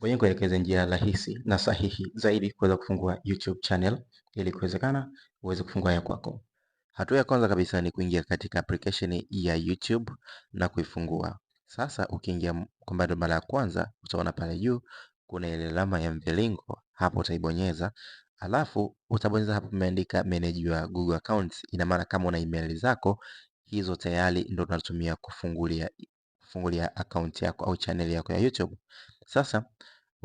Ngoja kuelekeza njia rahisi na sahihi zaidi kuweza kufungua YouTube channel ili kuwezekana uweze kufungua ya kwako. Hatua ya kwanza kabisa ni kuingia katika application ya YouTube na kuifungua. Sasa ukiingia kwa bado mara ya kwanza, utaona pale juu kuna ile alama ya mvilingo hapo utaibonyeza, alafu utabonyeza hapo umeandika manage your Google accounts. Ina maana kama una email zako hizo tayari ndo unatumia kufungulia kufungulia akaunti yako au channel yako ya YouTube. Sasa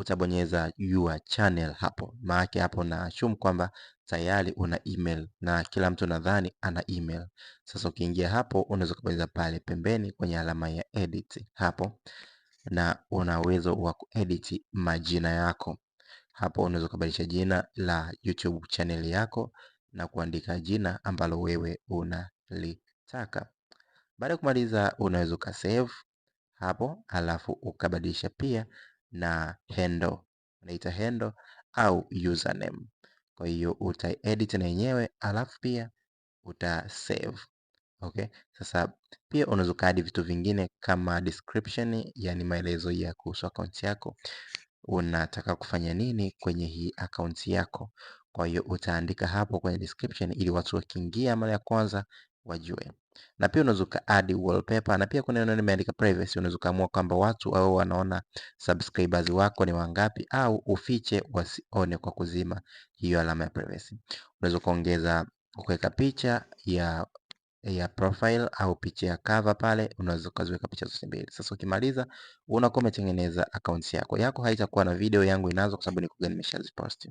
utabonyeza your channel hapo, maana hapo na assume kwamba tayari una email na kila mtu nadhani ana email. Sasa ukiingia hapo, unaweza kubonyeza pale pembeni kwenye alama ya edit hapo, na una uwezo wa kuedit majina yako hapo. Unaweza kubadilisha jina la YouTube channel yako na kuandika jina ambalo wewe unalitaka. Baada ya kumaliza, unaweza ukasave hapo, alafu ukabadilisha pia na handle, unaita handle au username. Kwa hiyo uta edit na yenyewe alafu pia uta save. Okay, sasa pia unaweza ukaadi vitu vingine kama description, yani maelezo ya kuhusu akaunti yako, unataka kufanya nini kwenye hii akaunti yako. Kwa hiyo utaandika hapo kwenye description, ili watu wakiingia mara ya kwanza wajue na pia unaweza ukaadi wallpaper, na pia kuna neno nimeandika privacy. Unaweza ukaamua kwamba watu au wanaona subscribers wako ni wangapi, au ufiche wasione kwa kuzima hiyo alama ya privacy. Unaweza ukaongeza kuweka picha ya ya profile au picha ya cover pale, unaweza ukaziweka picha zote mbili. Sasa ukimaliza, unakuwa umetengeneza account yako. Yako haitakuwa na video, yangu inazo kwa sababu ni nimeshazipost.